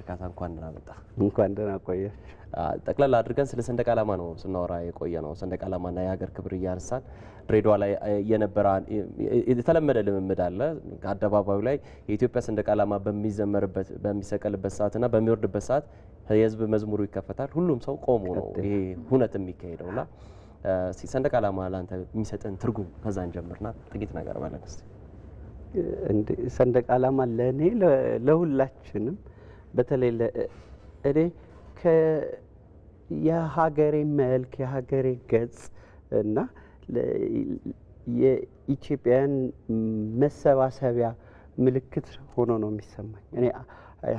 በእርካታ እንኳን ደህና መጣ፣ እንኳን ደህና ቆየ። ጠቅለል አድርገን ስለ ሰንደቅ ዓላማ ነው ስናወራ የቆየ ነው። ሰንደቅ ዓላማና የሀገር ክብር እያነሳን ድሬዳዋ ላይ የነበረ የተለመደ ልምምድ አለ። አደባባዩ ላይ የኢትዮጵያ ሰንደቅ ዓላማ በሚዘመርበት በሚሰቀልበት ሰዓትና በሚወርድበት ሰዓት የህዝብ መዝሙሩ ይከፈታል። ሁሉም ሰው ቆሞ ነው ይሄ ሁነት የሚካሄደውና ሰንደቅ ዓላማ ለአንተ የሚሰጥን ትርጉም ከዛን ጀምርና ጥቂት ነገር በለን እስቲ። ሰንደቅ ዓላማ ለእኔ ለሁላችንም በተለይ እኔ የሀገሬ መልክ የሀገሬ ገጽ እና የኢትዮጵያን መሰባሰቢያ ምልክት ሆኖ ነው የሚሰማኝ። እኔ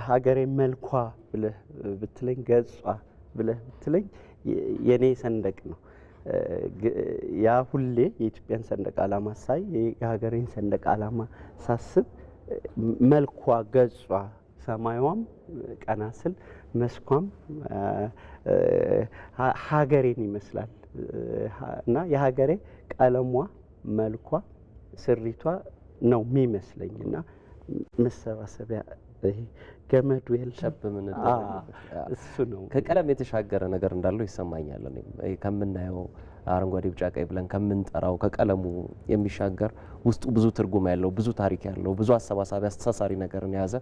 ሀገሬ መልኳ ብለህ ብትለኝ፣ ገጿ ብለህ ብትለኝ የእኔ ሰንደቅ ነው። ያ ሁሌ የኢትዮጵያን ሰንደቅ ዓላማ ሳይ የሀገሬን ሰንደቅ ዓላማ ሳስብ መልኳ ገጿ ሰማዩም ቀና ስል መስኳም ሀገሬን ይመስላል እና የሀገሬ ቀለሟ፣ መልኳ፣ ስሪቷ ነው የሚመስለኝ እና መሰባሰቢያ ገመዱ እሱ ነው። ከቀለም የተሻገረ ነገር እንዳለው ይሰማኛል። ከምናየው አረንጓዴ፣ ቢጫ፣ ቀይ ብለን ከምንጠራው ከቀለሙ የሚሻገር ውስጡ ብዙ ትርጉም ያለው ብዙ ታሪክ ያለው ብዙ አሰባሳቢ አስተሳሳሪ ነገርን የያዘ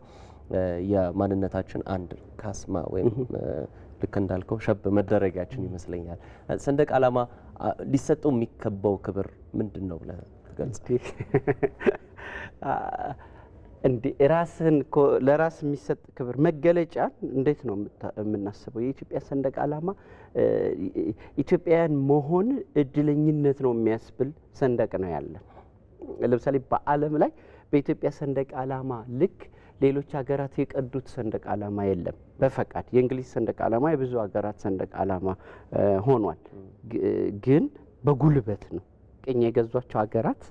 የማንነታችን አንድ ካስማ ወይም ልክ እንዳልከው ሸብ መደረጊያችን ይመስለኛል። ሰንደቅ ዓላማ ሊሰጠው የሚከባው ክብር ምንድን ነው ብለህ እንዲህ ራስህን ለራስ የሚሰጥ ክብር መገለጫ እንዴት ነው የምናስበው? የኢትዮጵያ ሰንደቅ ዓላማ ኢትዮጵያውያን መሆን እድለኝነት ነው የሚያስብል ሰንደቅ ነው ያለን። ለምሳሌ በዓለም ላይ በኢትዮጵያ ሰንደቅ ዓላማ ልክ ሌሎች ሀገራት የቀዱት ሰንደቅ ዓላማ የለም። በፈቃድ የእንግሊዝ ሰንደቅ ዓላማ የብዙ ሀገራት ሰንደቅ ዓላማ ሆኗል፣ ግን በጉልበት ነው። ቅኝ የገዟቸው ሀገራት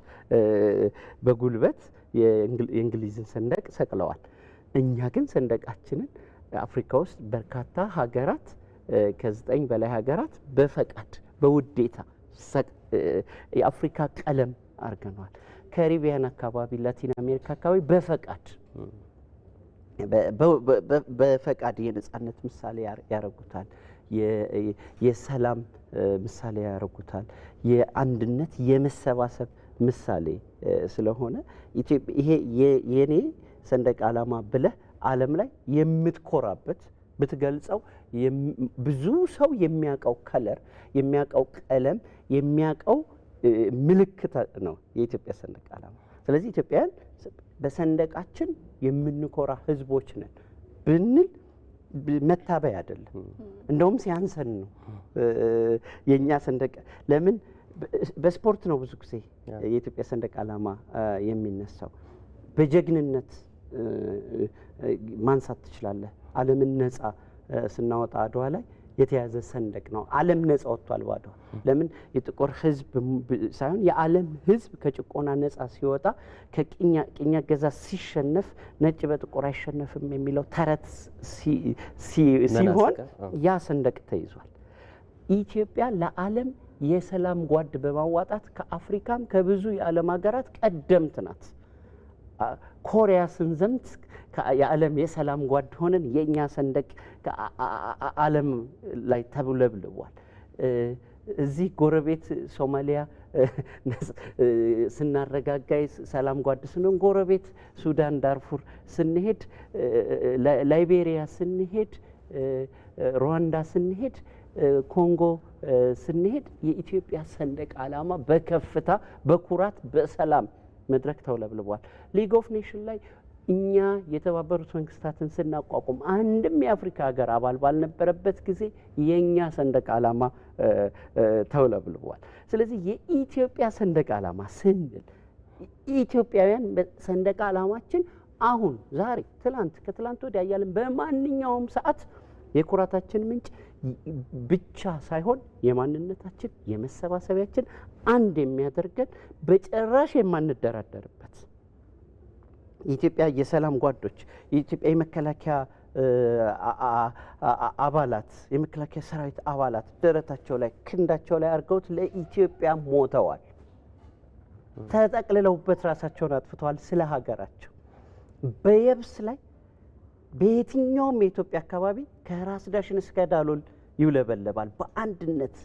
በጉልበት የእንግሊዝን ሰንደቅ ሰቅለዋል። እኛ ግን ሰንደቃችንን አፍሪካ ውስጥ በርካታ ሀገራት ከዘጠኝ በላይ ሀገራት በፈቃድ በውዴታ የአፍሪካ ቀለም አድርገነዋል። ካሪቢያን አካባቢ፣ ላቲን አሜሪካ አካባቢ በፈቃድ በፈቃድ የነጻነት ምሳሌ ያረጉታል። የሰላም ምሳሌ ያረጉታል። የአንድነት የመሰባሰብ ምሳሌ ስለሆነ ይሄ የኔ ሰንደቅ ዓላማ ብለህ ዓለም ላይ የምትኮራበት ብትገልጸው ብዙ ሰው የሚያውቀው ከለር የሚያውቀው ቀለም የሚያውቀው ምልክት ነው የኢትዮጵያ ሰንደቅ ዓላማ። ስለዚህ ኢትዮጵያውያን በሰንደቃችን የምንኮራ ህዝቦች ነን ብንል መታበይ አይደለም። እንደውም ሲያንሰን ነው የእኛ ሰንደቅ ለምን በስፖርት ነው ብዙ ጊዜ የኢትዮጵያ ሰንደቅ ዓላማ የሚነሳው። በጀግንነት ማንሳት ትችላለህ። ዓለምን ነጻ ስናወጣ አድዋ ላይ የተያዘ ሰንደቅ ነው። ዓለም ነጻ ወጥቷል ባዶ። ለምን የጥቁር ህዝብ ሳይሆን የዓለም ህዝብ ከጭቆና ነጻ ሲወጣ ከቅኝ አገዛዝ ሲሸነፍ ነጭ በጥቁር አይሸነፍም የሚለው ተረት ሲሆን ያ ሰንደቅ ተይዟል። ኢትዮጵያ ለዓለም የሰላም ጓድ በማዋጣት ከአፍሪካም ከብዙ የዓለም ሀገራት ቀደምት ናት። ኮሪያ ስንዘምት የዓለም የሰላም ጓድ ሆነን የእኛ ሰንደቅ ዓለም ላይ ተብለብልቧል። እዚህ ጎረቤት ሶማሊያ ስናረጋጋይ ሰላም ጓድ ስንሆን ጎረቤት ሱዳን ዳርፉር ስንሄድ፣ ላይቤሪያ ስንሄድ፣ ሩዋንዳ ስንሄድ፣ ኮንጎ ስንሄድ የኢትዮጵያ ሰንደቅ ዓላማ በከፍታ በኩራት በሰላም መድረክ ተውለብልቧል። ሊግ ኦፍ ኔሽን ላይ እኛ የተባበሩት መንግስታትን ስናቋቁም አንድም የአፍሪካ ሀገር አባል ባልነበረበት ጊዜ የእኛ ሰንደቅ ዓላማ ተውለብልቧል። ስለዚህ የኢትዮጵያ ሰንደቅ ዓላማ ስንል ኢትዮጵያውያን ሰንደቅ ዓላማችን አሁን ዛሬ፣ ትላንት፣ ከትላንት ወዲያ እያልን በማንኛውም ሰዓት የኩራታችን ምንጭ ብቻ ሳይሆን የማንነታችን የመሰባሰቢያችን አንድ የሚያደርገን በጭራሽ የማንደራደርበት የኢትዮጵያ የሰላም ጓዶች፣ የኢትዮጵያ የመከላከያ አባላት፣ የመከላከያ ሰራዊት አባላት ደረታቸው ላይ ክንዳቸው ላይ አድርገውት ለኢትዮጵያ ሞተዋል። ተጠቅልለውበት ራሳቸውን አጥፍተዋል ስለ ሀገራቸው በየብስ ላይ በየትኛውም የኢትዮጵያ አካባቢ ከራስ ዳሽን እስከ ዳሎል ይውለበለባል። በአንድነት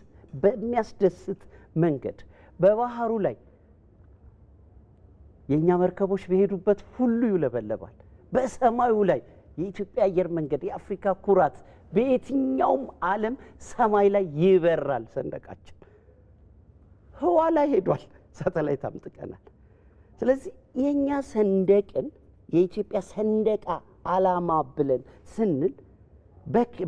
በሚያስደስት መንገድ በባህሩ ላይ የእኛ መርከቦች በሄዱበት ሁሉ ይውለበለባል። በሰማዩ ላይ የኢትዮጵያ አየር መንገድ የአፍሪካ ኩራት በየትኛውም ዓለም ሰማይ ላይ ይበራል። ሰንደቃችን ህዋ ላይ ሄዷል። ሳተላይት አምጥቀናል። ስለዚህ የእኛ ሰንደቅን የኢትዮጵያ ሰንደቃ አላማ ብለን ስንል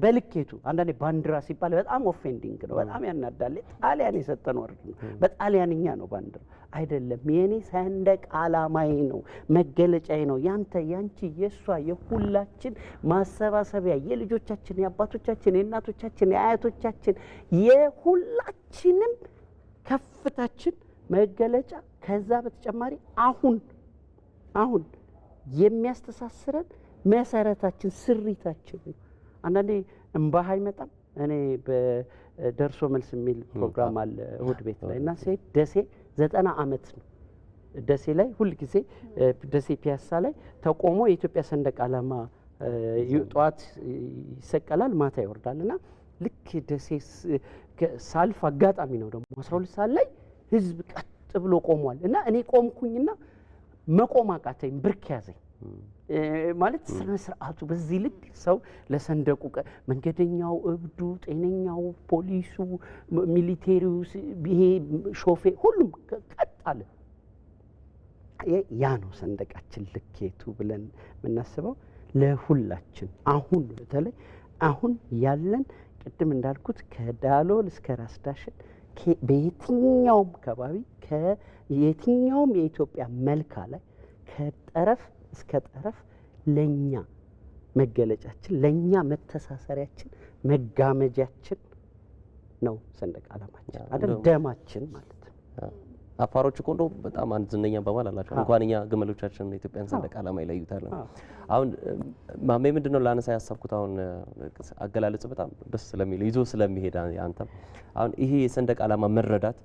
በልኬቱ አንዳንዴ ባንዲራ ሲባል በጣም ኦፌንዲንግ ነው፣ በጣም ያናዳል። ጣሊያን የሰጠን ወርድ ነው፣ በጣሊያንኛ ነው ባንዲራ አይደለም። የኔ ሰንደቅ አላማዬ ነው፣ መገለጫዬ ነው። ያንተ፣ ያንቺ፣ የእሷ፣ የሁላችን ማሰባሰቢያ የልጆቻችን፣ የአባቶቻችን፣ የእናቶቻችን፣ የአያቶቻችን፣ የሁላችንም ከፍታችን መገለጫ። ከዛ በተጨማሪ አሁን አሁን የሚያስተሳስረን መሰረታችን ስሪታችን ነው። አንዳንዴ እምባህ አይመጣም። እኔ በደርሶ መልስ የሚል ፕሮግራም አለ እሁድ ቤት ላይ እና ሴት ደሴ ዘጠና አመት ነው ደሴ ላይ ሁልጊዜ ደሴ ፒያሳ ላይ ተቆሞ የኢትዮጵያ ሰንደቅ ዓላማ ጠዋት ይሰቀላል፣ ማታ ይወርዳል እና ልክ ደሴ ሳልፍ አጋጣሚ ነው ደግሞ አስራ ሁለት ሰዓት ላይ ህዝብ ቀጥ ብሎ ቆሟል እና እኔ ቆምኩኝና መቆም አቃተኝ፣ ብርክ ያዘኝ። ማለት ስነ ስርዓቱ በዚህ ልክ ሰው ለሰንደቁ መንገደኛው፣ እብዱ፣ ጤነኛው፣ ፖሊሱ፣ ሚሊቴሪው፣ ይሄ ሾፌ ሁሉም ቀጥ አለ። ያ ነው ሰንደቃችን ልኬቱ ብለን የምናስበው ለሁላችን አሁን በተለይ አሁን ያለን ቅድም እንዳልኩት ከዳሎል እስከ ራስ ዳሽን በየትኛውም ከባቢ ከየትኛውም የኢትዮጵያ መልካ ላይ ከጠረፍ እስከ ጠረፍ ለእኛ መገለጫችን፣ ለእኛ መተሳሰሪያችን፣ መጋመጃችን ነው ሰንደቅ ዓላማችን አይደል? ደማችን ማለት ነው። አፋሮች እኮ እንደው በጣም አንድ ዝነኛ አባባል አላቸው። እንኳን እኛ ግመሎቻችን የኢትዮጵያን ሰንደቅ ዓላማ ይለዩታል። አሁን ማሜ ምንድን ነው ላነሳ ያሰብኩት አሁን አገላለጽ በጣም ደስ ስለሚል ይዞ ስለሚሄድ አንተም አሁን ይሄ የሰንደቅ ዓላማ መረዳት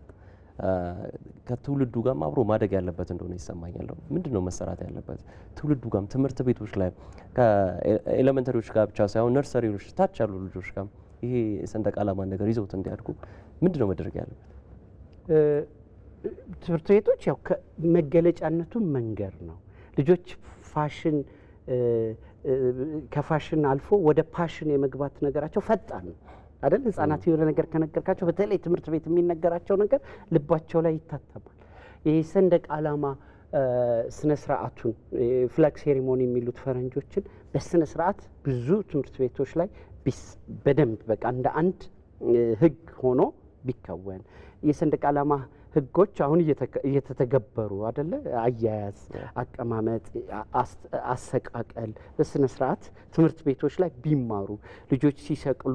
ከትውልዱ ጋርም አብሮ ማደግ ያለበት እንደሆነ ይሰማኛል። ምንድን ነው መሰራት ያለበት ትውልዱ ጋር ትምህርት ቤቶች ላይ ከኤሌመንተሪዎች ጋር ብቻ ሳይሆን ነርሰሪዎች፣ ታች ያሉ ልጆች ጋር ይሄ ሰንደቅ ዓላማ ነገር ይዘውት እንዲያድጉ ምንድን ነው መደረግ ያለበት? ትምህርት ቤቶች ያው መገለጫነቱ መንገድ ነው። ልጆች ፋሽን ከፋሽን አልፎ ወደ ፓሽን የመግባት ነገራቸው ፈጣን ነው። አይደል? ህጻናት የሆነ ነገር ከነገርካቸው በተለይ ትምህርት ቤት የሚነገራቸው ነገር ልባቸው ላይ ይታተማል። ይህ ሰንደቅ ዓላማ ስነ ስርዓቱን ፍላግ ሴሪሞኒ የሚሉት ፈረንጆችን በስነ ስርዓት ብዙ ትምህርት ቤቶች ላይ በደንብ በቃ እንደ አንድ ህግ ሆኖ ቢከወን የሰንደቅ ዓላማ ህጎች አሁን እየተተገበሩ አደለ? አያያዝ፣ አቀማመጥ፣ አሰቃቀል በስነ ስርዓት ትምህርት ቤቶች ላይ ቢማሩ ልጆች ሲሰቅሉ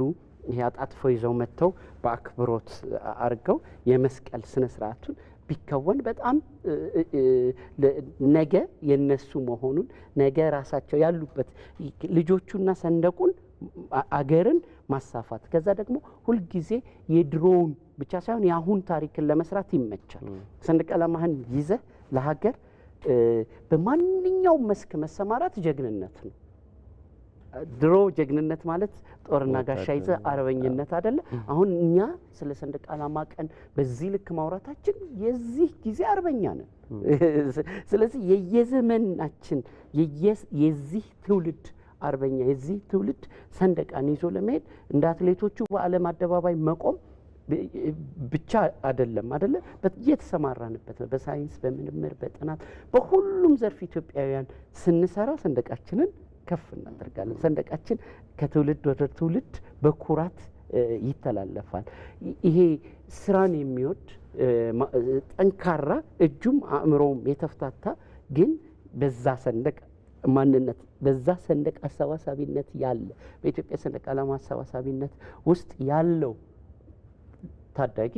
ይሄ አጣጥፎ ይዘው መጥተው በአክብሮት አድርገው የመስቀል ስነ ስርዓቱን ቢከወን በጣም ነገ የነሱ መሆኑን ነገ ራሳቸው ያሉበት ልጆቹና ሰንደቁን አገርን ማሳፋት ከዛ ደግሞ ሁልጊዜ የድሮውን ብቻ ሳይሆን የአሁን ታሪክን ለመስራት ይመቻል። ሰንደቅ ዓላማህን ይዘህ ለሀገር በማንኛውም መስክ መሰማራት ጀግንነት ነው። ድሮ ጀግንነት ማለት ጦርና ጋሻ ይዘ አርበኝነት አደለ። አሁን እኛ ስለ ሰንደቅ ዓላማ ቀን በዚህ ልክ ማውራታችን የዚህ ጊዜ አርበኛ ነን። ስለዚህ የየዘመናችን የዚህ ትውልድ አርበኛ የዚህ ትውልድ ሰንደቃን ይዞ ለመሄድ እንደ አትሌቶቹ በዓለም አደባባይ መቆም ብቻ አይደለም አደለ፣ እየተሰማራንበት ነው። በሳይንስ በምርምር በጥናት በሁሉም ዘርፍ ኢትዮጵያውያን ስንሰራ ሰንደቃችንን ከፍ እናደርጋለን። ሰንደቃችን ከትውልድ ወደ ትውልድ በኩራት ይተላለፋል። ይሄ ስራን የሚወድ ጠንካራ እጁም አእምሮውም የተፍታታ ግን በዛ ሰንደቅ ማንነት በዛ ሰንደቅ አሰባሳቢነት ያለ በኢትዮጵያ ሰንደቅ ዓላማ አሰባሳቢነት ውስጥ ያለው ታዳጊ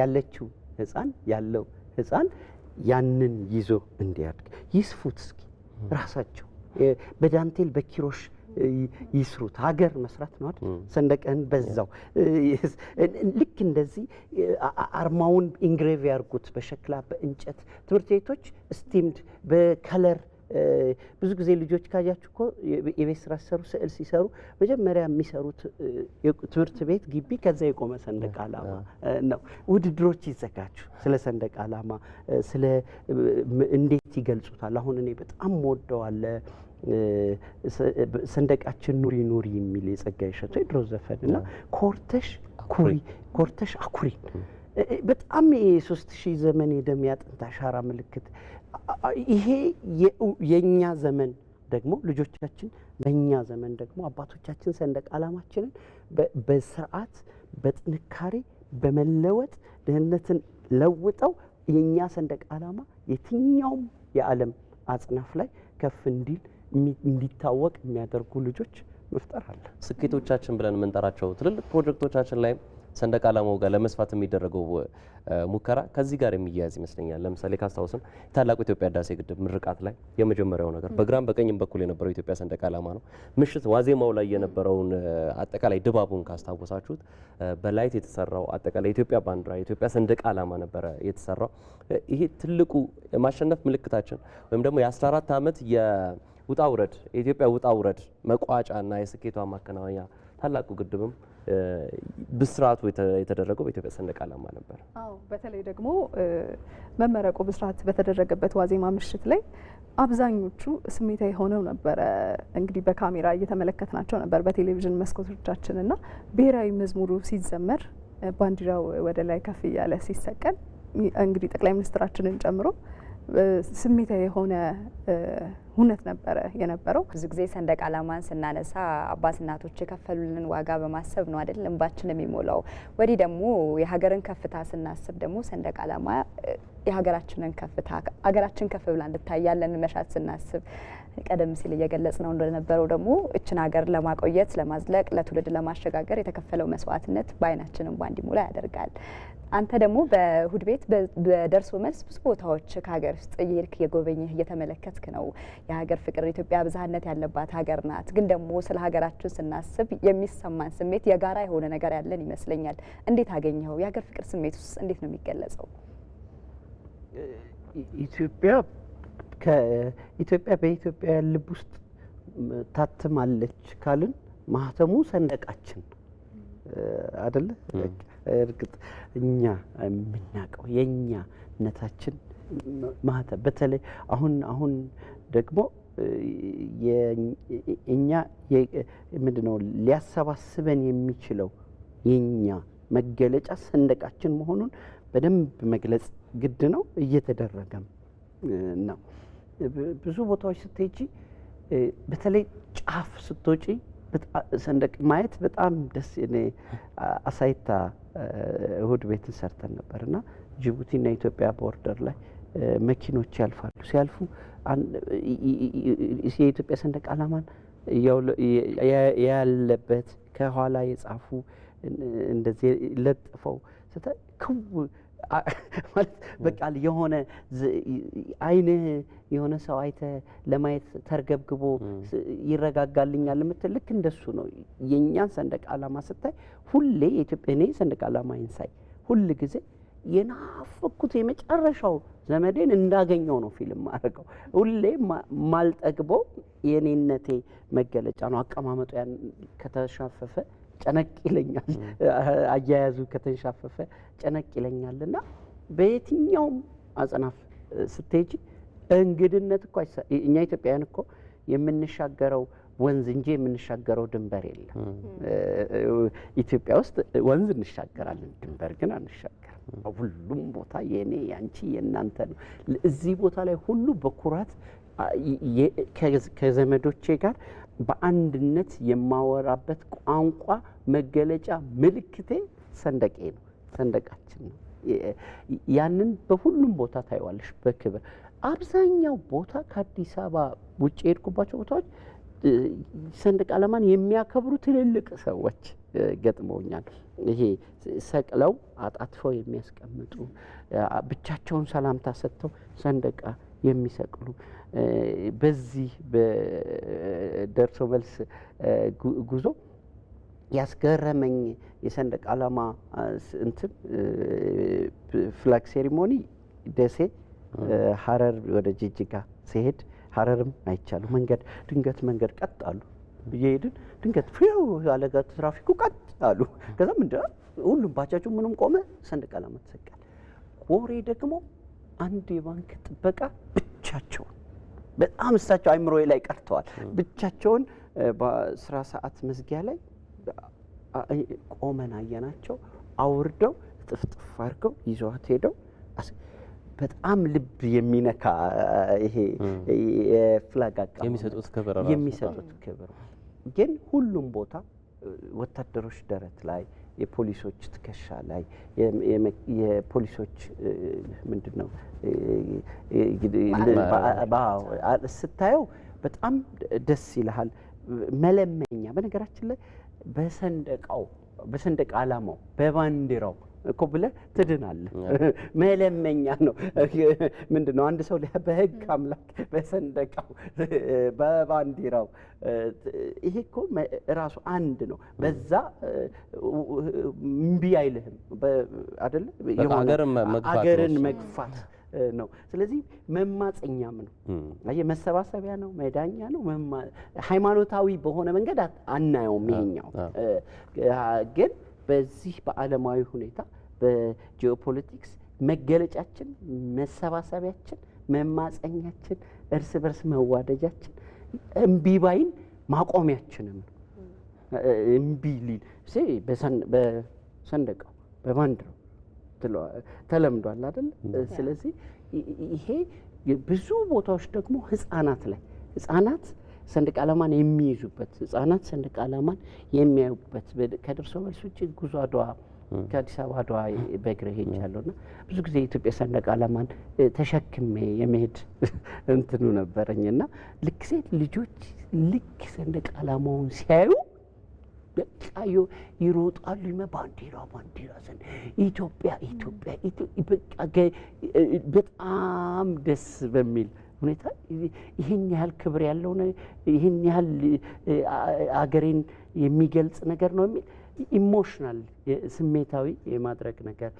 ያለችው ህፃን ያለው ህፃን ያንን ይዞ እንዲያድግ ይስፉት እስኪ ራሳቸው በዳንቴል በኪሮሽ ይስሩት ሀገር መስራት ነው አይደል? ሰንደቅህን በዛው ልክ እንደዚህ አርማውን ኢንግሬቭ ያርጉት በሸክላ በእንጨት ትምህርት ቤቶች ስቲምድ በከለር ብዙ ጊዜ ልጆች ካያችሁ እኮ የቤት ስራ ሲሰሩ ስዕል ሲሰሩ መጀመሪያ የሚሰሩት ትምህርት ቤት ግቢ ከዛ የቆመ ሰንደቅ ዓላማ ነው። ውድድሮች ይዘጋጁ። ስለ ሰንደቅ ዓላማ ስለ እንዴት ይገልጹታል። አሁን እኔ በጣም ወደዋለ ሰንደቃችን ኑሪ ኑሪ የሚል የጸጋዬ እሸቱ የድሮ ዘፈን እና ኮርተሽ ኩሪ ኮርተሽ አኩሪ በጣም የሶስት ሺህ ዘመን የደም ያጥንት አሻራ ምልክት ይሄ የእኛ ዘመን ደግሞ ልጆቻችን በእኛ ዘመን ደግሞ አባቶቻችን ሰንደቅ ዓላማችንን በስርዓት በጥንካሬ በመለወጥ ድህነትን ለውጠው የእኛ ሰንደቅ ዓላማ የትኛውም የዓለም አጽናፍ ላይ ከፍ እንዲል እንዲታወቅ የሚያደርጉ ልጆች መፍጠር አለ። ስኬቶቻችን ብለን የምንጠራቸው ትልልቅ ፕሮጀክቶቻችን ላይ ሰንደቅ ዓላማው ጋር ለመስፋት የሚደረገው ሙከራ ከዚህ ጋር የሚያያዝ ይመስለኛል። ለምሳሌ ካስታውስም ታላቁ ኢትዮጵያ ህዳሴ ግድብ ምርቃት ላይ የመጀመሪያው ነገር በግራም በቀኝም በኩል የነበረው ኢትዮጵያ ሰንደቅ ዓላማ ነው። ምሽት ዋዜማው ላይ የነበረውን አጠቃላይ ድባቡን ካስታወሳችሁት በላይት የተሰራው አጠቃላይ የኢትዮጵያ ባንዲራ የኢትዮጵያ ሰንደቅ ዓላማ ነበረ የተሰራው። ይሄ ትልቁ ማሸነፍ ምልክታችን ወይም ደግሞ የ14 ዓመት የውጣ ውረድ የኢትዮጵያ ውጣ ውረድ መቋጫና የስኬቷ ማከናወኛ ታላቁ ግድብም ብስራቱ የተደረገው በኢትዮጵያ ሰንደቅ ዓላማ ነበር። አዎ በተለይ ደግሞ መመረቁ ብስራት በተደረገበት ዋዜማ ምሽት ላይ አብዛኞቹ ስሜታዊ ሆነው ነበረ። እንግዲህ በካሜራ እየተመለከትናቸው ነበር በቴሌቪዥን መስኮቶቻችን እና ብሔራዊ መዝሙሩ ሲዘመር ባንዲራው ወደ ላይ ከፍ እያለ ሲሰቀል እንግዲህ ጠቅላይ ሚኒስትራችንን ጨምሮ ስሜታዊ የሆነ ሁነት ነበረ የነበረው። ብዙ ጊዜ ሰንደቅ ዓላማን ስናነሳ አባት እናቶች የከፈሉልን ዋጋ በማሰብ ነው አይደል እንባችን የሚሞላው። ወዲህ ደግሞ የሀገርን ከፍታ ስናስብ ደግሞ ሰንደቅ ዓላማ የሀገራችንን ከፍታ ሀገራችን ከፍ ብላ እንድታይ ያለን መሻት ስናስብ ቀደም ሲል እየገለጽ ነው እንደነበረው ደግሞ እችን ሀገር ለማቆየት ለማዝለቅ፣ ለትውልድ ለማሸጋገር የተከፈለው መስዋዕትነት በአይናችን እንባ እንዲሞላ ያደርጋል። አንተ ደግሞ በእሁድ ቤት በደርሶ መልስ ብዙ ቦታዎች ከሀገር ውስጥ እየሄድክ እየጎበኘህ እየተመለከትክ ነው። የሀገር ፍቅር ኢትዮጵያ ብዝሃነት ያለባት ሀገር ናት። ግን ደግሞ ስለ ሀገራችን ስናስብ የሚሰማን ስሜት የጋራ የሆነ ነገር ያለን ይመስለኛል። እንዴት አገኘኸው? የሀገር ፍቅር ስሜት ውስጥ እንዴት ነው የሚገለጸው? ኢትዮጵያ ከኢትዮጵያ በኢትዮጵያ ልብ ውስጥ ታትማለች ካልን ማህተሙ ሰንደቃችን አደለ እርግጥ እኛ የምናውቀው የእኛነታችን ማህተብ በተለይ አሁን አሁን ደግሞ እኛ ነው ሊያሰባስበን የሚችለው የኛ መገለጫ ሰንደቃችን መሆኑን በደንብ መግለጽ ግድ ነው። እየተደረገም ነው። ብዙ ቦታዎች ስትሄጂ በተለይ ጫፍ ስትወጪ ሰንደቅ ማየት በጣም ደስ እኔ አሳይታ እሁድ ቤትን ሰርተን ነበር እና ጅቡቲና ኢትዮጵያ ቦርደር ላይ መኪኖች ያልፋሉ። ሲያልፉ የኢትዮጵያ ሰንደቅ ዓላማን ያለበት ከኋላ የጻፉ እንደዚህ ለጥፈው ክው ማለት በቃል የሆነ አይንህ የሆነ ሰው አይተ ለማየት ተርገብግቦ ይረጋጋልኛል የምትል ልክ እንደሱ ነው። የእኛን ሰንደቅ ዓላማ ስታይ ሁሌ የኢትዮጵያ እኔ ሰንደቅ ዓላማዬን ሳይ ሁል ጊዜ የናፈኩት የመጨረሻው ዘመዴን እንዳገኘው ነው ፊልም ማድረገው። ሁሌ ማልጠግበው የእኔነቴ መገለጫ ነው። አቀማመጡ ያን ከተሻፈፈ ጨነቅ ይለኛል። አያያዙ ከተንሻፈፈ ጨነቅ ይለኛል እና በየትኛውም አጽናፍ ስትሄጂ እንግድነት እኮ እኛ ኢትዮጵያውያን እኮ የምንሻገረው ወንዝ እንጂ የምንሻገረው ድንበር የለም። ኢትዮጵያ ውስጥ ወንዝ እንሻገራለን፣ ድንበር ግን አንሻገርም። ሁሉም ቦታ የኔ ያንቺ የእናንተ ነው። እዚህ ቦታ ላይ ሁሉ በኩራት ከዘመዶቼ ጋር በአንድነት የማወራበት ቋንቋ መገለጫ ምልክቴ ሰንደቄ ነው፣ ሰንደቃችን ነው። ያንን በሁሉም ቦታ ታይዋለሽ በክብር አብዛኛው ቦታ ከአዲስ አበባ ውጭ የሄድኩባቸው ቦታዎች ሰንደቅ ዓላማን የሚያከብሩ ትልልቅ ሰዎች ገጥመውኛል። ይሄ ሰቅለው አጣጥፈው የሚያስቀምጡ ብቻቸውን ሰላምታ ሰጥተው ሰንደቃ የሚሰቅሉ በዚህ በደርሶ መልስ ጉዞ ያስገረመኝ የሰንደቅ ዓላማ እንትን ፍላግ ሴሪሞኒ ደሴ ሀረር ወደ ጅጅጋ ሲሄድ ሀረርም አይቻሉ መንገድ ድንገት መንገድ ቀጥ አሉ እየሄድን ድንገት ፊው ያለጋ ትራፊኩ ቀጥ አሉ። ከዛ ምንድ ሁሉም ባቻቸ ምንም ቆመ፣ ሰንደቅ ዓላማ ተሰቀለ። ጎሬ ደግሞ አንድ የባንክ ጥበቃ ብቻቸውን በጣም እሳቸው አይምሮዬ ላይ ቀርተዋል። ብቻቸውን በስራ ሰዓት መዝጊያ ላይ ቆመን አየናቸው። አውርደው ጥፍጥፍ አድርገው ይዘዋት ሄደው በጣም ልብ የሚነካ ይሄ ፍላግ የሚሰጡት ክብር የሚሰጡት ክብር ግን ሁሉም ቦታ ወታደሮች ደረት ላይ፣ የፖሊሶች ትከሻ ላይ፣ የፖሊሶች ምንድን ነው ስታየው በጣም ደስ ይልሃል። መለመኛ በነገራችን ላይ በሰንደቃው በሰንደቅ ዓላማው በባንዲራው እኮ ብለ ትድናለ። መለመኛ ነው ምንድን ነው አንድ ሰው በህግ አምላክ በሰንደቃው በባንዲራው ይሄ እኮ ራሱ አንድ ነው። በዛ እምቢ አይልህም አይደለ? ሀገርን መግፋት ነው። ስለዚህ መማፀኛም ነው፣ መሰባሰቢያ ነው፣ መዳኛ ነው። ሃይማኖታዊ በሆነ መንገድ አናየውም። ይሄኛው ግን በዚህ በዓለማዊ ሁኔታ በጂኦፖለቲክስ መገለጫችን፣ መሰባሰቢያችን፣ መማፀኛችን፣ እርስ በርስ መዋደጃችን፣ እምቢባይን ማቆሚያችንም ነው። እምቢ ሊል በሰንደቀው በባንዲራው ተለምዷል አይደል? ስለዚህ ይሄ ብዙ ቦታዎች ደግሞ ህጻናት ላይ ህጻናት ሰንደቅ ዓላማን የሚይዙበት ህጻናት ሰንደቅ ዓላማን የሚያዩበት ከደርሶ መልስ ውጭ ጉዞ አድዋ ከአዲስ አበባ አድዋ በእግር ሄጃለሁና ብዙ ጊዜ የኢትዮጵያ ሰንደቅ ዓላማን ተሸክሜ የመሄድ እንትኑ ነበረኝና ልክ ሴት ልጆች ልክ ሰንደቅ ዓላማውን ሲያዩ በቃ ይሮጣሉ። ባንዲራ ባንዲራ ዘን ኢትዮጵያ ኢትዮጵያ በቃ በጣም ደስ በሚል ሁኔታ ይህን ያህል ክብር ያለው ይህን ያህል አገሬን የሚገልጽ ነገር ነው የሚል ኢሞሽናል ስሜታዊ የማድረግ ነገር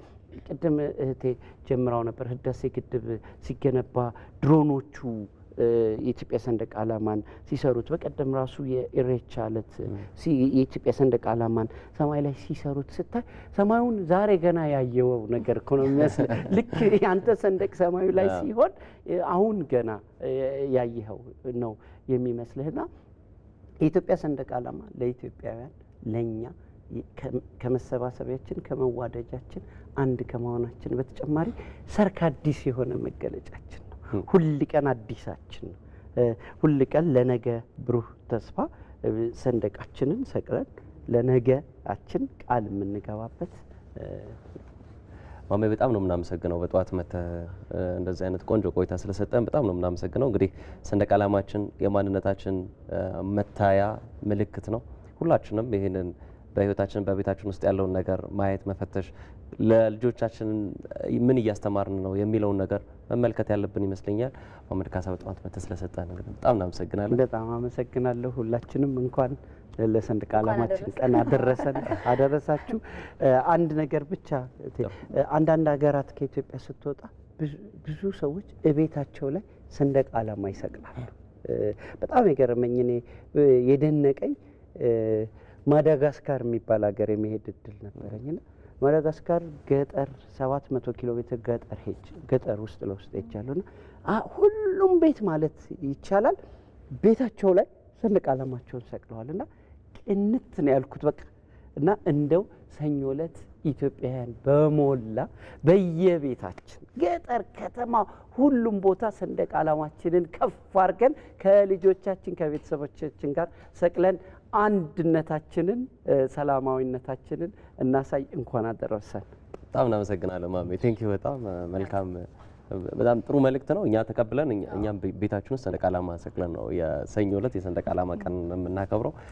ቅድም እህቴ ጀምራው ነበር። ህዳሴ ግድብ ሲገነባ ድሮኖቹ የኢትዮጵያ ሰንደቅ ዓላማን ሲሰሩት በቀደም ራሱ የኢሬቻ ዕለት የኢትዮጵያ ሰንደቅ ዓላማን ሰማይ ላይ ሲሰሩት ስታይ ሰማዩን ዛሬ ገና ያየው ነገር እኮ ነው የሚመስለው። ልክ አንተ ሰንደቅ ሰማዩ ላይ ሲሆን አሁን ገና ያየኸው ነው የሚመስልህና የኢትዮጵያ ሰንደቅ ዓላማ ለኢትዮጵያውያን ለእኛ ከመሰባሰቢያችን ከመዋደጃችን አንድ ከመሆናችን በተጨማሪ ሰርክ አዲስ የሆነ መገለጫችን ሁል ቀን አዲሳችን ነው። ሁል ቀን ለነገ ብሩህ ተስፋ ሰንደቃችንን ሰቅለን ለነገአችን ቃል የምንገባበት ማሜ በጣም ነው የምናመሰግነው። በጠዋት መተ እንደዚህ አይነት ቆንጆ ቆይታ ስለሰጠን በጣም ነው የምናመሰግነው። እንግዲህ ሰንደቅ ዓላማችን የማንነታችን መታያ ምልክት ነው። ሁላችንም ይህንን በህይወታችን በቤታችን ውስጥ ያለውን ነገር ማየት መፈተሽ፣ ለልጆቻችን ምን እያስተማርን ነው የሚለውን ነገር መመልከት ያለብን ይመስለኛል። ማመድ ካሳ በጣም መተ ስለሰጠን በጣም እናመሰግናለን። በጣም አመሰግናለሁ። ሁላችንም እንኳን ለሰንደቅ ዓላማችን ቀን አደረሰን አደረሳችሁ። አንድ ነገር ብቻ አንዳንድ ሀገራት ከኢትዮጵያ ስትወጣ ብዙ ሰዎች እቤታቸው ላይ ሰንደቅ ዓላማ ይሰቅላሉ። በጣም የገረመኝ እኔ የደነቀኝ ማዳጋስካር የሚባል ሀገር የመሄድ እድል ና ማዳጋስካር ገጠር ሰባት መቶ ኪሎ ሜትር ገጠር ሄጅ ገጠር ውስጥ ለውስጥ ና ሁሉም ቤት ማለት ይቻላል ቤታቸው ላይ ሰንደቅ ዓላማቸውን ሰቅለዋልና ቅንት ነው ያልኩት በቃ እና እንደው ሰኞ ዕለት ኢትዮጵያውያን በሞላ በየቤታችን ገጠር፣ ከተማ፣ ሁሉም ቦታ ሰንደቅ ዓላማችንን ከፍ አድርገን ከልጆቻችን ከቤተሰቦቻችን ጋር ሰቅለን አንድነታችንን፣ ሰላማዊነታችንን እናሳይ። እንኳን አደረሰን። በጣም እናመሰግናለሁ ማሜ ቴንክ ዩ። በጣም መልካም በጣም ጥሩ መልእክት ነው። እኛ ተቀብለን እኛም ቤታችን ውስጥ ሰንደቅ ዓላማ ሰቅለን ነው የሰኞ ዕለት የሰንደቅ ዓላማ ቀን የምናከብረው።